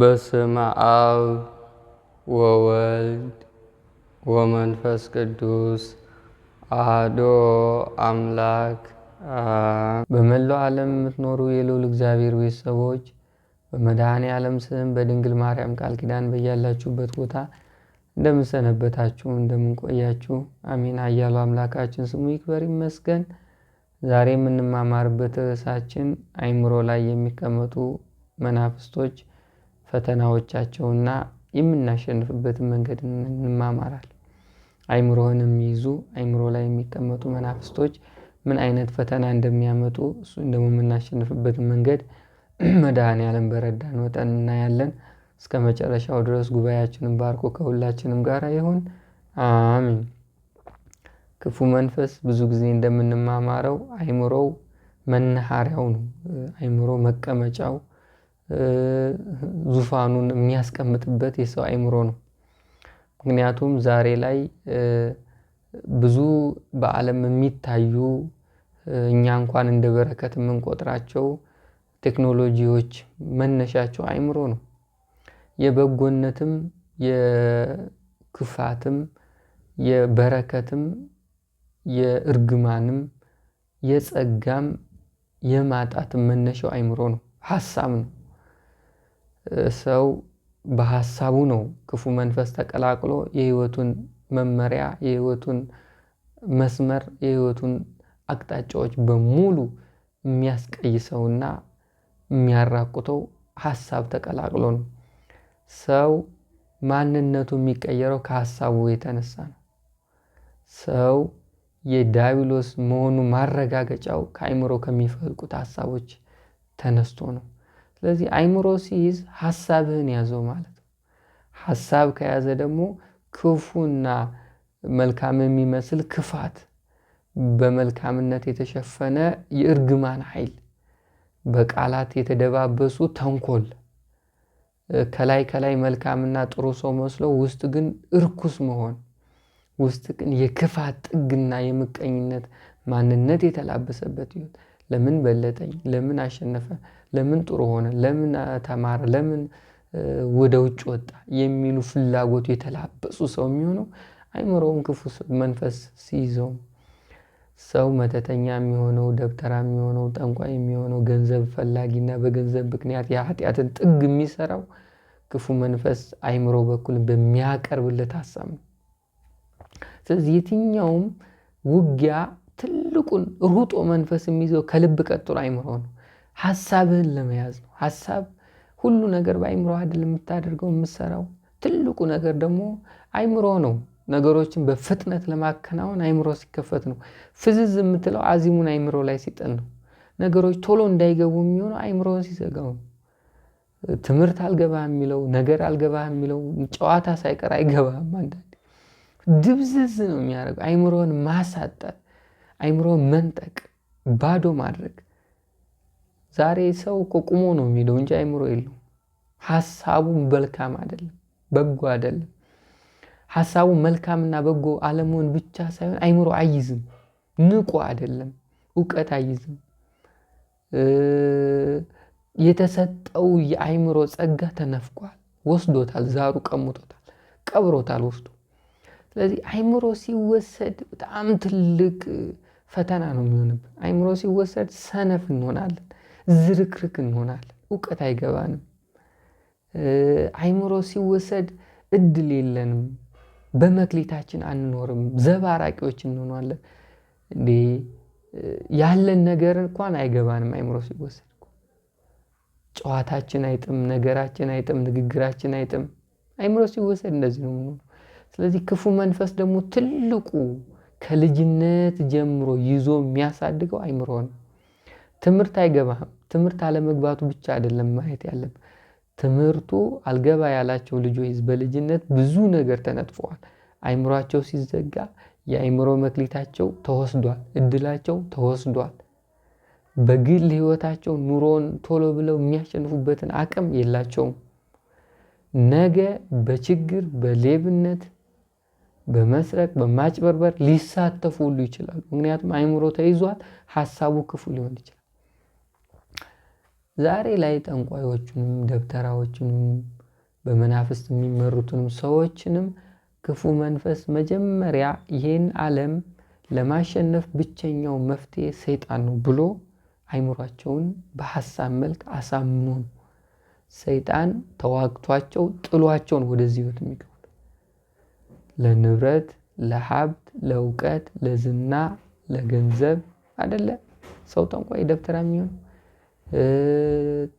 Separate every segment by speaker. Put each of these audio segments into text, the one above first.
Speaker 1: በስመ አብ ወወልድ ወመንፈስ ቅዱስ አህዶ አምላክ። በመላው ዓለም የምትኖሩ የልዑል እግዚአብሔር ቤተሰቦች በመድኃኔ ዓለም ስም በድንግል ማርያም ቃል ኪዳን በያላችሁበት ቦታ እንደምንሰነበታችሁ እንደምንቆያችሁ አሜን። አያሉ አምላካችን ስሙ ይክበር ይመስገን። ዛሬ የምንማማርበት ርዕሳችን አእምሮ ላይ የሚቀመጡ መናፍስቶች ፈተናዎቻቸውና የምናሸንፍበትን መንገድ እንማማራል አይምሮህን የሚይዙ አይምሮ ላይ የሚቀመጡ መናፍስቶች ምን አይነት ፈተና እንደሚያመጡ እሱን ደግሞ የምናሸንፍበትን መንገድ መድኃኔዓለም በረዳን መጠን እናያለን። እስከ መጨረሻው ድረስ ጉባኤያችንን ባርኮ ከሁላችንም ጋር ይሁን፣ አሚን። ክፉ መንፈስ ብዙ ጊዜ እንደምንማማረው አይምሮው መናኸሪያው ነው። አይምሮ መቀመጫው ዙፋኑን የሚያስቀምጥበት የሰው አእምሮ ነው። ምክንያቱም ዛሬ ላይ ብዙ በዓለም የሚታዩ እኛ እንኳን እንደ በረከት የምንቆጥራቸው ቴክኖሎጂዎች መነሻቸው አእምሮ ነው። የበጎነትም የክፋትም የበረከትም የእርግማንም የጸጋም የማጣትም መነሻው አእምሮ ነው፣ ሀሳብ ነው። ሰው በሀሳቡ ነው ክፉ መንፈስ ተቀላቅሎ የህይወቱን መመሪያ የህይወቱን መስመር የህይወቱን አቅጣጫዎች በሙሉ የሚያስቀይሰውና የሚያራቁተው ሀሳብ ተቀላቅሎ ነው። ሰው ማንነቱ የሚቀየረው ከሀሳቡ የተነሳ ነው። ሰው የዳቢሎስ መሆኑ ማረጋገጫው ከአይምሮ ከሚፈልቁት ሀሳቦች ተነስቶ ነው። ስለዚህ አይምሮ ሲይዝ ሀሳብህን ያዘው ማለት ነው። ሀሳብ ከያዘ ደግሞ ክፉና መልካም የሚመስል ክፋት፣ በመልካምነት የተሸፈነ የእርግማን ኃይል፣ በቃላት የተደባበሱ ተንኮል፣ ከላይ ከላይ መልካምና ጥሩ ሰው መስሎ ውስጥ ግን እርኩስ መሆን፣ ውስጥ ግን የክፋት ጥግና የምቀኝነት ማንነት የተላበሰበት ይሁን። ለምን በለጠኝ፣ ለምን አሸነፈ፣ ለምን ጥሩ ሆነ፣ ለምን ተማረ፣ ለምን ወደ ውጭ ወጣ የሚሉ ፍላጎቱ የተላበሱ ሰው የሚሆነው አይምሮውን ክፉ መንፈስ ሲይዘው ሰው መተተኛ የሚሆነው ደብተራ የሚሆነው ጠንቋይ የሚሆነው ገንዘብ ፈላጊና በገንዘብ ምክንያት የኃጢአትን ጥግ የሚሰራው ክፉ መንፈስ አይምሮ በኩል በሚያቀርብለት ሀሳብ ነው። ስለዚህ የትኛውም ውጊያ ትልቁን ሩጦ መንፈስ የሚይዘው ከልብ ቀጥሎ አይምሮ ነው። ሀሳብህን ለመያዝ ነው። ሀሳብ ሁሉ ነገር በአይምሮ አይደል የምታደርገው የምሰራው። ትልቁ ነገር ደግሞ አይምሮ ነው። ነገሮችን በፍጥነት ለማከናወን አይምሮ ሲከፈት ነው። ፍዝዝ የምትለው አዚሙን አይምሮ ላይ ሲጠን ነው። ነገሮች ቶሎ እንዳይገቡ የሚሆነው አይምሮን ሲዘጋው ትምህርት አልገባ የሚለው ነገር አልገባ የሚለው ጨዋታ ሳይቀር አይገባም አንዳንዴ ድብዝዝ ነው የሚያደርገው አይምሮን ማሳጠር አይምሮ መንጠቅ፣ ባዶ ማድረግ። ዛሬ ሰው እኮ ቁሞ ነው የሚለው እንጂ አይምሮ የለው። ሀሳቡ መልካም አይደለም፣ በጎ አይደለም። ሀሳቡ መልካምና በጎ አለመሆን ብቻ ሳይሆን አይምሮ አይዝም፣ ንቁ አይደለም፣ እውቀት አይዝም። የተሰጠው የአይምሮ ጸጋ ተነፍቋል፣ ወስዶታል፣ ዛሩ ቀምቶታል፣ ቀብሮታል ወስዶ። ስለዚህ አይምሮ ሲወሰድ በጣም ትልቅ ፈተና ነው የሚሆንብን። አይምሮ ሲወሰድ ሰነፍ እንሆናለን፣ ዝርክርክ እንሆናለን፣ እውቀት አይገባንም። አይምሮ ሲወሰድ እድል የለንም፣ በመክሌታችን አንኖርም፣ ዘባራቂዎች እንሆናለን። እንዴ ያለን ነገር እንኳን አይገባንም። አይምሮ ሲወሰድ ጨዋታችን አይጥም፣ ነገራችን አይጥም፣ ንግግራችን አይጥም። አይምሮ ሲወሰድ እንደዚህ ነው። ስለዚህ ክፉ መንፈስ ደግሞ ትልቁ ከልጅነት ጀምሮ ይዞ የሚያሳድገው አይምሮን። ትምህርት አይገባህም። ትምህርት አለመግባቱ ብቻ አይደለም ማየት ያለም ትምህርቱ አልገባ ያላቸው ልጆች በልጅነት ብዙ ነገር ተነጥፈዋል። አይምሯቸው ሲዘጋ የአይምሮ መክሊታቸው ተወስዷል። እድላቸው ተወስዷል። በግል ህይወታቸው ኑሮን ቶሎ ብለው የሚያሸንፉበትን አቅም የላቸውም። ነገ በችግር በሌብነት በመስረቅ በማጭበርበር ሊሳተፉ ሁሉ ይችላሉ። ምክንያቱም አይምሮ ተይዟል፣ ሀሳቡ ክፉ ሊሆን ይችላል። ዛሬ ላይ ጠንቋዮቹንም ደብተራዎችንም በመናፍስት የሚመሩትንም ሰዎችንም ክፉ መንፈስ መጀመሪያ ይህን ዓለም ለማሸነፍ ብቸኛው መፍትሄ ሰይጣን ነው ብሎ አይምሯቸውን በሀሳብ መልክ አሳምኖ ነው ሰይጣን ተዋግቷቸው ጥሏቸውን ወደዚህ ህይወት የሚገ ለንብረት፣ ለሀብት፣ ለእውቀት፣ ለዝና፣ ለገንዘብ አደለ ሰው ጠንቋይ ደብተራ የሚሆን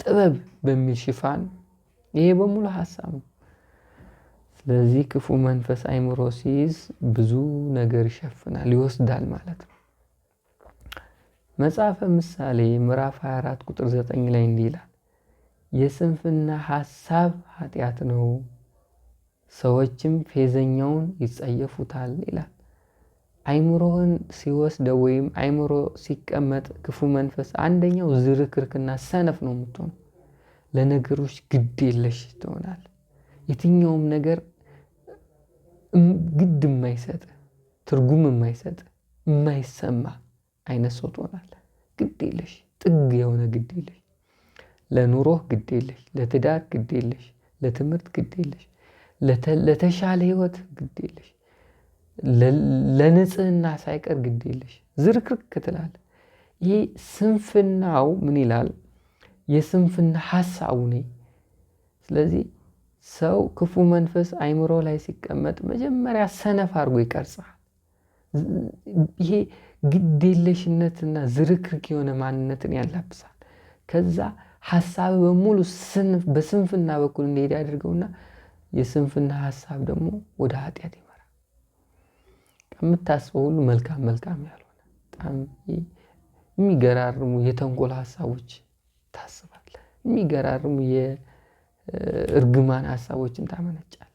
Speaker 1: ጥበብ በሚል ሽፋን ይሄ በሙሉ ሀሳብ ነው። ስለዚህ ክፉ መንፈስ አይምሮ ሲይዝ ብዙ ነገር ይሸፍናል ይወስዳል ማለት ነው። መጽሐፈ ምሳሌ ምዕራፍ 24 ቁጥር 9 ላይ እንዲህ ይላል፣ የስንፍና ሀሳብ ኃጢአት ነው። ሰዎችም ፌዘኛውን ይጸየፉታል ይላል። አይምሮህን ሲወስደ ወይም አይምሮ ሲቀመጥ ክፉ መንፈስ አንደኛው ዝርክርክና ሰነፍ ነው የምትሆን። ለነገሮች ግድ የለሽ ትሆናል። የትኛውም ነገር ግድ የማይሰጥ ትርጉም የማይሰጥ የማይሰማ አይነት ሰው ትሆናል። ግድ የለሽ ጥግ የሆነ ግድ የለሽ፣ ለኑሮህ ግድ የለሽ፣ ለትዳር ግድ የለሽ፣ ለትምህርት ግድ የለሽ ለተሻለ ህይወት ግድ የለሽ፣ ለንጽህና ሳይቀር ግድ የለሽ ዝርክርክ ትላለ። ይሄ ስንፍናው ምን ይላል? የስንፍና ሀሳቡ ነ። ስለዚህ ሰው ክፉ መንፈስ አይምሮ ላይ ሲቀመጥ መጀመሪያ ሰነፍ አድርጎ ይቀርጻል። ይሄ ግዴለሽነትና ዝርክርክ የሆነ ማንነትን ያላብሳል። ከዛ ሀሳብ በሙሉ በስንፍና በኩል እንደሄድ ያደርገውና የስንፍና ሀሳብ ደግሞ ወደ ኃጢአት ይመራል። ከምታስበው ሁሉ መልካም መልካም ያልሆነ በጣም የሚገራርሙ የተንኮል ሀሳቦች ታስባል። የሚገራርሙ የእርግማን ሀሳቦችን ታመነጫለ።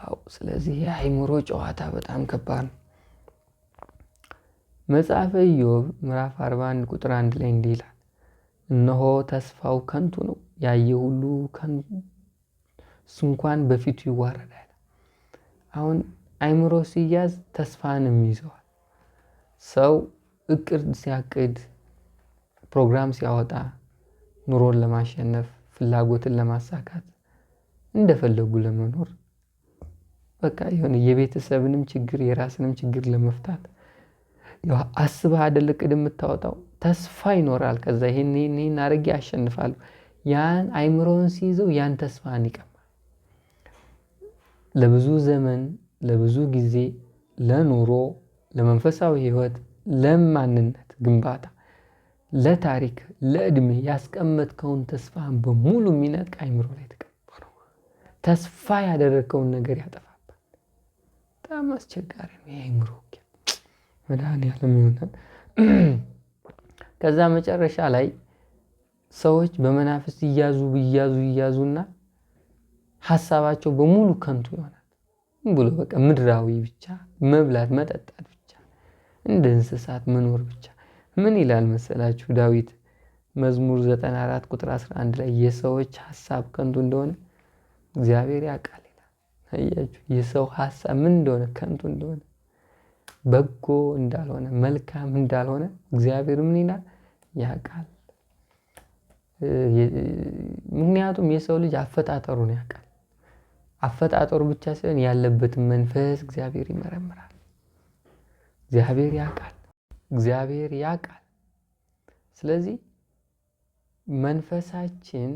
Speaker 1: አዎ፣ ስለዚህ የአይምሮ ጨዋታ በጣም ከባድ ነው። መጽሐፈ ኢዮብ ምዕራፍ 41 ቁጥር አንድ ላይ እንዲህ ይላል፣ እነሆ ተስፋው ከንቱ ነው ያየ ሁሉ እሱ እንኳን በፊቱ ይዋረዳል። አሁን አይምሮ ሲያዝ ተስፋንም ይዘዋል። ሰው እቅድ ሲያቅድ፣ ፕሮግራም ሲያወጣ፣ ኑሮን ለማሸነፍ ፍላጎትን ለማሳካት እንደፈለጉ ለመኖር በቃ የሆነ የቤተሰብንም ችግር የራስንም ችግር ለመፍታት አስበህ አይደል እቅድ የምታወጣው። ተስፋ ይኖራል። ከዛ ይሄን ይሄን አድርጌ አሸንፋለሁ ያን አይምሮን ሲይዘው ያን ተስፋን ይቀማል። ለብዙ ዘመን ለብዙ ጊዜ ለኑሮ፣ ለመንፈሳዊ ህይወት፣ ለማንነት ግንባታ፣ ለታሪክ፣ ለእድሜ ያስቀመጥከውን ተስፋን በሙሉ የሚነጥቅ አይምሮ ላይ ተቀበረው። ተስፋ ያደረግከውን ነገር ያጠፋባል። በጣም አስቸጋሪ ነው የአይምሮ መድኃኔዓለም ይሆናል። ከዛ መጨረሻ ላይ ሰዎች በመናፍስት ይያዙ ይያዙ ይያዙና ሀሳባቸው በሙሉ ከንቱ ይሆናል ብሎ በቃ ምድራዊ ብቻ መብላት መጠጣት ብቻ እንደ እንስሳት መኖር ብቻ። ምን ይላል መሰላችሁ ዳዊት መዝሙር 94 ቁጥር 11 ላይ የሰዎች ሀሳብ ከንቱ እንደሆነ እግዚአብሔር ያውቃል ይላል። አያችሁ የሰው ሀሳብ ምን እንደሆነ ከንቱ እንደሆነ በጎ እንዳልሆነ መልካም እንዳልሆነ እግዚአብሔር ምን ይላል ያውቃል። ምክንያቱም የሰው ልጅ አፈጣጠሩን ያውቃል። አፈጣጠሩ ብቻ ሳይሆን ያለበትን መንፈስ እግዚአብሔር ይመረምራል። እግዚአብሔር ያውቃል። እግዚአብሔር ያውቃል። ስለዚህ መንፈሳችን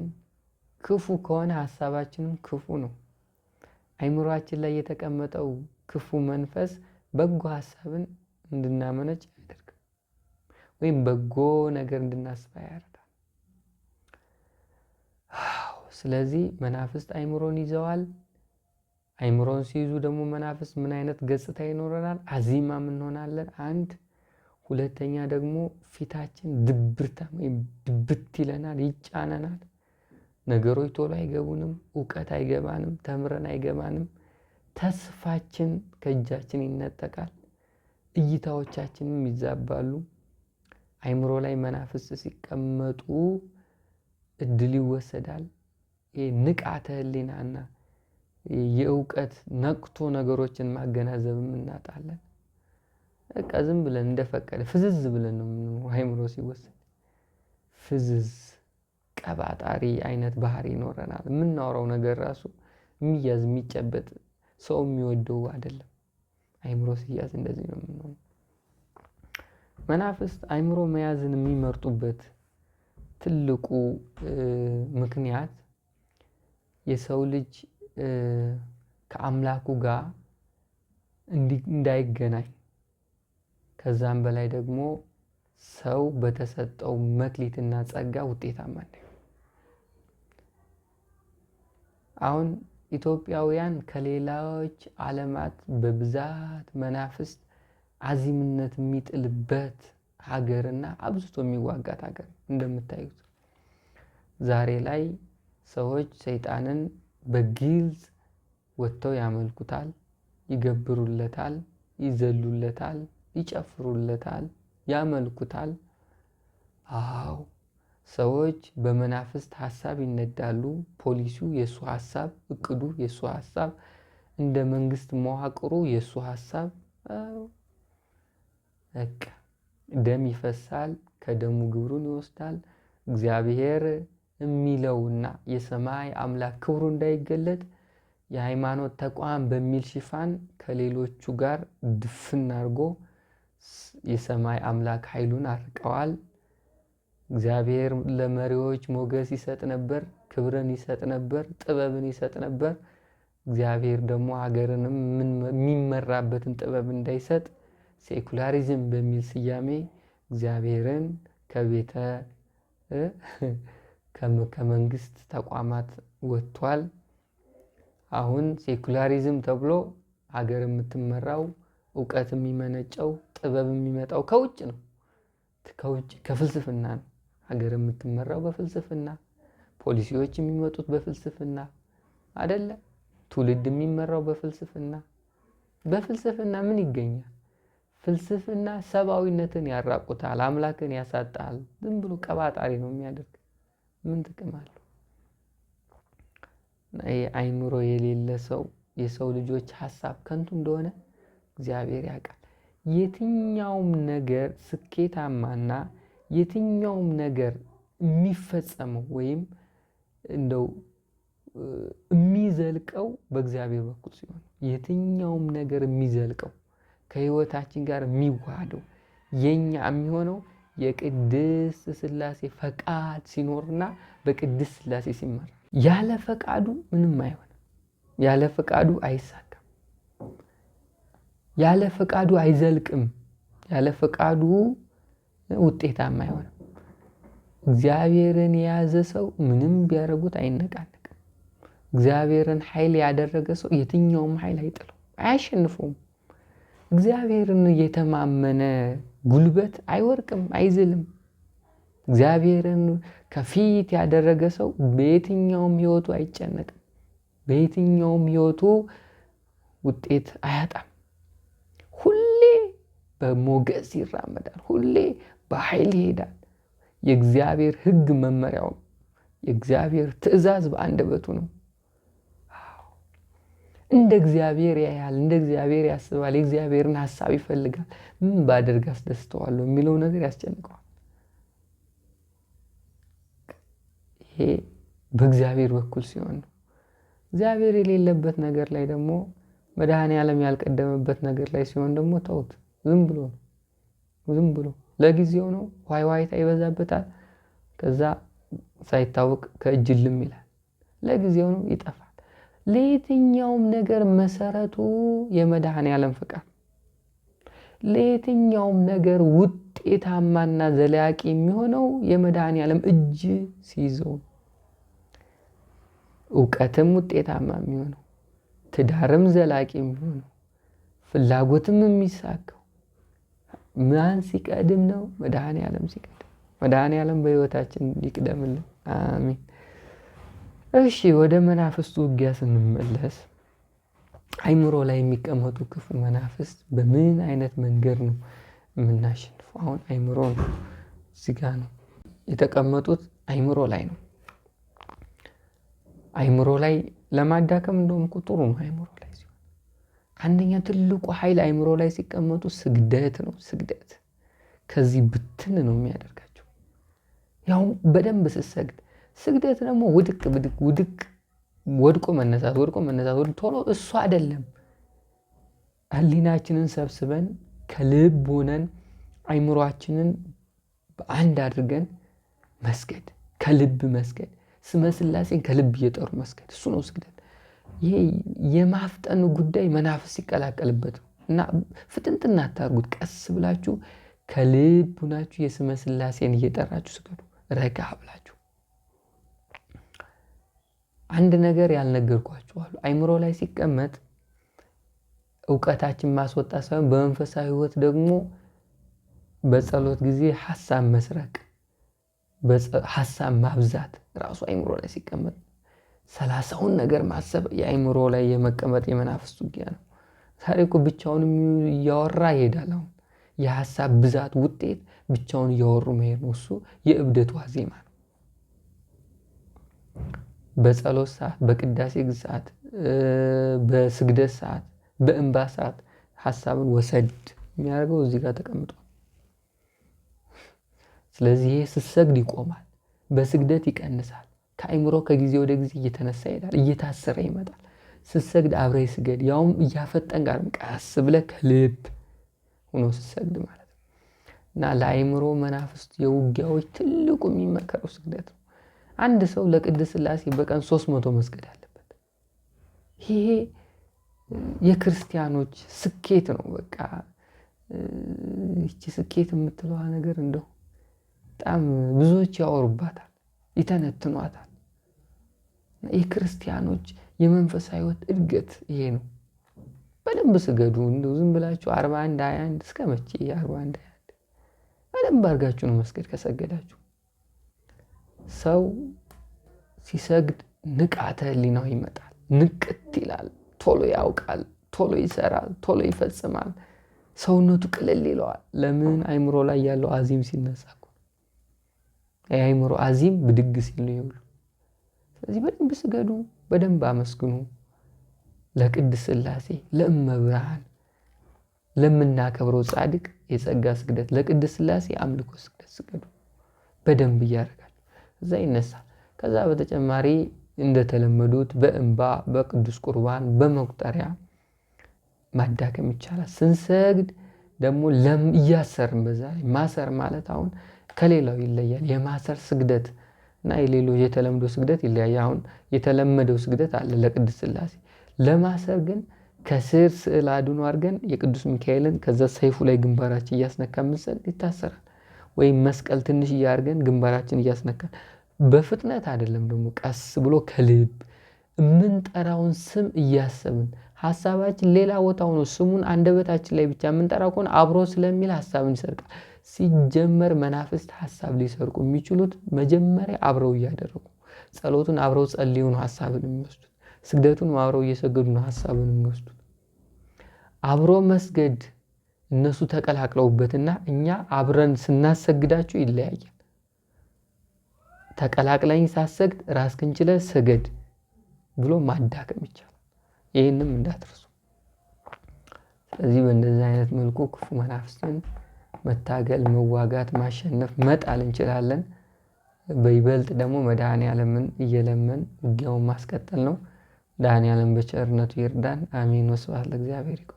Speaker 1: ክፉ ከሆነ ሀሳባችንም ክፉ ነው። አይምሯችን ላይ የተቀመጠው ክፉ መንፈስ በጎ ሀሳብን እንድናመነጭ አያደርግም፣ ወይም በጎ ነገር እንድናስብ አያደርግም። ስለዚህ መናፍስት አይምሮን ይዘዋል። አይምሮን ሲይዙ ደግሞ መናፍስት ምን አይነት ገጽታ ይኖረናል? አዚማም እንሆናለን። አንድ ሁለተኛ ደግሞ ፊታችን ድብርታ ወይም ድብት ይለናል፣ ይጫነናል። ነገሮች ቶሎ አይገቡንም። እውቀት አይገባንም። ተምረን አይገባንም። ተስፋችን ከእጃችን ይነጠቃል። እይታዎቻችንም ይዛባሉ። አይምሮ ላይ መናፍስት ሲቀመጡ እድል ይወሰዳል። ንቃተ ህሊናና የእውቀት ነቅቶ ነገሮችን ማገናዘብም እናጣለን። በቃ ዝም ብለን እንደፈቀደ ፍዝዝ ብለን ነው አይምሮ ሲወሰድ ፍዝዝ ቀባጣሪ አይነት ባህሪ ይኖረናል። የምናወራው ነገር ራሱ የሚያዝ የሚጨበጥ ሰው የሚወደው አይደለም። አይምሮ ሲያዝ እንደዚህ ነው የምንሆነው። መናፍስት አይምሮ መያዝን የሚመርጡበት ትልቁ ምክንያት የሰው ልጅ ከአምላኩ ጋር እንዳይገናኝ ከዛም በላይ ደግሞ ሰው በተሰጠው መክሊትና ጸጋ ውጤታማ እንዲሆን አሁን ኢትዮጵያውያን ከሌላዎች ዓለማት በብዛት መናፍስት አዚምነት የሚጥልበት ሀገርና አብዝቶ የሚዋጋት ሀገር እንደምታዩት ዛሬ ላይ ሰዎች ሰይጣንን በግልጽ ወጥተው ያመልኩታል፣ ይገብሩለታል፣ ይዘሉለታል፣ ይጨፍሩለታል፣ ያመልኩታል። አዎ ሰዎች በመናፍስት ሀሳብ ይነዳሉ። ፖሊሱ የእሱ ሀሳብ፣ እቅዱ የእሱ ሀሳብ፣ እንደ መንግስት መዋቅሩ የእሱ ሀሳብ። ደም ይፈሳል፣ ከደሙ ግብሩን ይወስዳል እግዚአብሔር የሚለውና የሰማይ አምላክ ክብሩ እንዳይገለጥ የሃይማኖት ተቋም በሚል ሽፋን ከሌሎቹ ጋር ድፍን አድርጎ የሰማይ አምላክ ኃይሉን አርቀዋል። እግዚአብሔር ለመሪዎች ሞገስ ይሰጥ ነበር፣ ክብርን ይሰጥ ነበር፣ ጥበብን ይሰጥ ነበር። እግዚአብሔር ደግሞ ሀገርንም የሚመራበትን ጥበብ እንዳይሰጥ ሴኩላሪዝም በሚል ስያሜ እግዚአብሔርን ከቤተ ከመንግስት ተቋማት ወጥቷል። አሁን ሴኩላሪዝም ተብሎ ሀገር የምትመራው እውቀት የሚመነጨው ጥበብ የሚመጣው ከውጭ ነው፣ ከውጭ ከፍልስፍና ነው። ሀገር የምትመራው በፍልስፍና ፖሊሲዎች የሚመጡት በፍልስፍና አደለ? ትውልድ የሚመራው በፍልስፍና በፍልስፍና ምን ይገኛል? ፍልስፍና ሰብአዊነትን ያራቁታል፣ አምላክን ያሳጣል። ዝም ብሎ ቀባጣሪ ነው የሚያደርግ ምን ጥቅም አለው? አይምሮ የሌለ ሰው የሰው ልጆች ሀሳብ ከንቱ እንደሆነ እግዚአብሔር ያውቃል። የትኛውም ነገር ስኬታማና የትኛውም ነገር የሚፈጸመው ወይም እንደው የሚዘልቀው በእግዚአብሔር በኩል ሲሆን የትኛውም ነገር የሚዘልቀው ከህይወታችን ጋር የሚዋሃደው የኛ የሚሆነው የቅድስት ስላሴ ፈቃድ ሲኖርና በቅድስት ስላሴ ሲመራ፣ ያለ ፈቃዱ ምንም አይሆንም። ያለ ፈቃዱ አይሳካም። ያለ ፈቃዱ አይዘልቅም። ያለ ፈቃዱ ውጤታማ አይሆንም። እግዚአብሔርን የያዘ ሰው ምንም ቢያደርጉት አይነቃነቅም። እግዚአብሔርን ኃይል ያደረገ ሰው የትኛውም ኃይል አይጥለው፣ አያሸንፈውም። እግዚአብሔርን እየተማመነ? ጉልበት አይወርቅም፣ አይዝልም። እግዚአብሔርን ከፊት ያደረገ ሰው በየትኛውም ህይወቱ አይጨነቅም፣ በየትኛውም ህይወቱ ውጤት አያጣም። ሁሌ በሞገስ ይራመዳል፣ ሁሌ በኃይል ይሄዳል። የእግዚአብሔር ህግ መመሪያው ነው። የእግዚአብሔር ትእዛዝ በአንደበቱ ነው። እንደ እግዚአብሔር ያያል፣ እንደ እግዚአብሔር ያስባል፣ የእግዚአብሔርን ሀሳብ ይፈልጋል። ምን ባደርግ አስደስተዋለሁ የሚለው ነገር ያስጨንቀዋል። ይሄ በእግዚአብሔር በኩል ሲሆን ነው። እግዚአብሔር የሌለበት ነገር ላይ ደግሞ መድኃኔ ያለም ያልቀደመበት ነገር ላይ ሲሆን ደግሞ ተውት፣ ዝም ብሎ ነው። ዝም ብሎ ለጊዜው ነው፣ ዋይዋይታ ይበዛበታል። ከዛ ሳይታወቅ ከእጅልም ይላል። ለጊዜው ነው፣ ይጠፋል። ለየትኛውም ነገር መሰረቱ የመድኃኔ ዓለም ፍቃድ፣ ለየትኛውም ነገር ውጤታማና ዘላቂ የሚሆነው የመድኃኔ ዓለም እጅ ሲይዘው እውቀትም ውጤታማ የሚሆነው ትዳርም ዘላቂ የሚሆነው ፍላጎትም የሚሳካው ማን ሲቀድም ነው? መድኃኔ ዓለም ሲቀድም። መድኃኔ ዓለም በሕይወታችን ይቅደምልን። አሜን። እሺ ወደ መናፍስቱ ውጊያ ስንመለስ አይምሮ ላይ የሚቀመጡ ክፉ መናፍስት በምን አይነት መንገድ ነው የምናሸንፈው? አሁን አይምሮ ነው እዚጋ ነው የተቀመጡት፣ አይምሮ ላይ ነው። አይምሮ ላይ ለማዳከም እንደውም ቁጥሩ ነው። አይምሮ ላይ ሲሆን አንደኛ ትልቁ ኃይል አይምሮ ላይ ሲቀመጡ ስግደት ነው። ስግደት ከዚህ ብትን ነው የሚያደርጋቸው። ያው በደንብ ስሰግድ ስግደት ደግሞ ውድቅ ብድቅ ውድቅ ወድቆ መነሳት ወድቆ መነሳት ቶሎ እሱ አይደለም። ህሊናችንን ሰብስበን ከልብ ሆነን አይምሯችንን በአንድ አድርገን መስገድ፣ ከልብ መስገድ፣ ስመስላሴን ከልብ እየጠሩ መስገድ፣ እሱ ነው ስግደት። ይሄ የማፍጠኑ ጉዳይ መናፍስ ይቀላቀልበት እና ፍጥንት እናታርጉት። ቀስ ብላችሁ ከልብ ሆናችሁ የስመስላሴን እየጠራችሁ ስገዱ፣ ረጋ ብላችሁ አንድ ነገር ያልነገርኳችሁ አይምሮ ላይ ሲቀመጥ እውቀታችን ማስወጣ ሳይሆን በመንፈሳዊ ህይወት ደግሞ በጸሎት ጊዜ ሀሳብ መስረቅ፣ ሀሳብ ማብዛት ራሱ አይምሮ ላይ ሲቀመጥ ሰላሳውን ነገር ማሰብ የአይምሮ ላይ የመቀመጥ የመናፍስት ውጊያ ነው። ዛሬ እኮ ብቻውን እያወራ ይሄዳል። አሁን የሀሳብ ብዛት ውጤት ብቻውን እያወሩ መሄድ ነው። እሱ የእብደቱ ዋዜማ ነው። በጸሎት ሰዓት፣ በቅዳሴ ሰዓት፣ በስግደት ሰዓት፣ በእንባ ሰዓት ሀሳብን ወሰድ የሚያደርገው እዚህ ጋር ተቀምጧል። ስለዚህ ይሄ ስትሰግድ ይቆማል፣ በስግደት ይቀንሳል። ከአይምሮ ከጊዜ ወደ ጊዜ እየተነሳ ይሄዳል፣ እየታሰረ ይመጣል። ስትሰግድ አብረ ስገድ፣ ያውም እያፈጠን ጋር ቀስ ብለህ ከልብ ሆኖ ስትሰግድ ማለት ነው እና ለአይምሮ መናፍስት የውጊያዎች ትልቁ የሚመከረው ስግደት ነው። አንድ ሰው ለቅድስት ሥላሴ በቀን ሶስት መቶ መስገድ አለበት። ይሄ የክርስቲያኖች ስኬት ነው። በቃ ይቺ ስኬት የምትለዋ ነገር እንደው በጣም ብዙዎች ያወሩባታል፣ ይተነትኗታል። የክርስቲያኖች የመንፈሳዊ ሕይወት እድገት ይሄ ነው። በደንብ ስገዱ። እንደው ዝም ብላችሁ አርባ አንድ ሀያ አንድ እስከ መቼ? አርባ አንድ ሀያ አንድ በደንብ አድርጋችሁ ነው መስገድ ከሰገዳችሁ ሰው ሲሰግድ ንቃተ ህሊናው ይመጣል። ንቅት ይላል። ቶሎ ያውቃል፣ ቶሎ ይሰራል፣ ቶሎ ይፈጽማል። ሰውነቱ ቅልል ይለዋል። ለምን? አይምሮ ላይ ያለው አዚም ሲነሳ የአይምሮ አዚም ብድግ ሲል ይውሉ። ስለዚህ በደንብ ስገዱ፣ በደንብ አመስግኑ ለቅድስት ስላሴ ለእመብርሃን ለምናከብረው ጻድቅ የጸጋ ስግደት ለቅድስት ስላሴ አምልኮ ስግደት ስገዱ በደንብ እያደረጋል እዛ ይነሳል። ከዛ በተጨማሪ እንደተለመዱት በእንባ በቅዱስ ቁርባን በመቁጠሪያ ማዳከም ይቻላል። ስንሰግድ ደግሞ ለም እያሰርን በዛ ማሰር ማለት አሁን ከሌላው ይለያል። የማሰር ስግደት እና የሌሎች የተለምዶ ስግደት ይለያል። አሁን የተለመደው ስግደት አለ ለቅድስት ሥላሴ። ለማሰር ግን ከስር ስዕል አድኖ አድርገን የቅዱስ ሚካኤልን ከዛ ሰይፉ ላይ ግንባራችን እያስነካ ምንሰግድ ይታሰራል። ወይም መስቀል ትንሽ እያደርገን ግንባራችን እያስነካን በፍጥነት አይደለም ደግሞ ቀስ ብሎ ከልብ የምንጠራውን ስም እያሰብን ሀሳባችን ሌላ ቦታ ሆኖ ስሙን አንደበታችን ላይ ብቻ የምንጠራ ከሆነ አብሮ ስለሚል ሀሳብን ይሰርቃል። ሲጀመር መናፍስት ሀሳብ ሊሰርቁ የሚችሉት መጀመሪያ አብረው እያደረጉ ጸሎቱን አብረው ጸልዩ ነው ሀሳብን የሚወስዱት። ስግደቱን አብረው እየሰገዱ ነው ሀሳብን የሚወስዱት። አብሮ መስገድ እነሱ ተቀላቅለውበትና እኛ አብረን ስናሰግዳችሁ ይለያያል። ተቀላቅለኝ ሳሰግድ ራስክን ችለህ ስገድ ብሎ ማዳከም ይቻላል። ይህንም እንዳትርሱ። ስለዚህ በእንደዚህ አይነት መልኩ ክፉ መናፍስትን መታገል፣ መዋጋት፣ ማሸነፍ፣ መጣል እንችላለን። በይበልጥ ደግሞ መድኃኔ እየለመን ውጊያውን ማስቀጠል ነው። መድኃኔ በቸርነቱ ይርዳን። አሜን። ወስብሐት ለእግዚአብሔር።